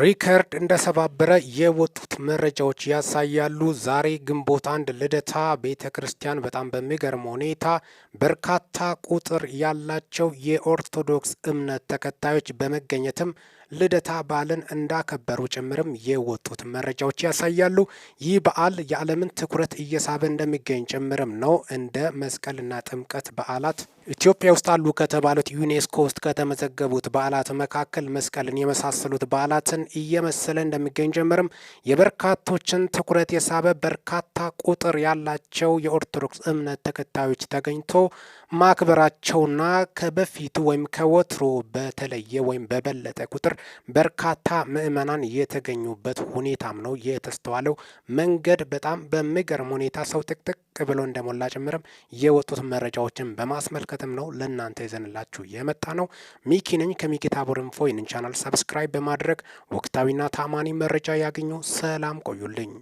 ሪከርድ እንደሰባበረ የወጡት መረጃዎች ያሳያሉ። ዛሬ ግንቦት አንድ ልደታ ቤተ ክርስቲያን በጣም በሚገርም ሁኔታ በርካታ ቁጥር ያላቸው የኦርቶዶክስ እምነት ተከታዮች በመገኘትም ልደታ በዓልን እንዳከበሩ ጭምርም የወጡት መረጃዎች ያሳያሉ። ይህ በዓል የዓለምን ትኩረት እየሳበ እንደሚገኝ ጭምርም ነው። እንደ መስቀልና ጥምቀት በዓላት ኢትዮጵያ ውስጥ አሉ ከተባሉት ዩኔስኮ ውስጥ ከተመዘገቡት በዓላት መካከል መስቀልን የመሳሰሉት በዓላትን እየመሰለ እንደሚገኝ ጀምርም የበርካቶችን ትኩረት የሳበ በርካታ ቁጥር ያላቸው የኦርቶዶክስ እምነት ተከታዮች ተገኝቶ ማክበራቸውና ከበፊቱ ወይም ከወትሮ በተለየ ወይም በበለጠ ቁጥር በርካታ ምዕመናን የተገኙበት ሁኔታም ነው የተስተዋለው። መንገድ በጣም በሚገርም ሁኔታ ሰው ጥቅጥቅ ብሎ እንደሞላ ጭምርም የወጡት መረጃዎችን በማስመልከትም ነው ለእናንተ ይዘንላችሁ የመጣ ነው። ሚኪ ነኝ ከሚኪታ ቦርንፎ። ይህንን ቻናል ሰብስክራይብ በማድረግ ወቅታዊና ታማኒ መረጃ ያገኙ። ሰላም ቆዩልኝ።